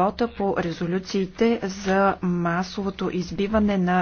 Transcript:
вота по резолюциите за масовото избиване на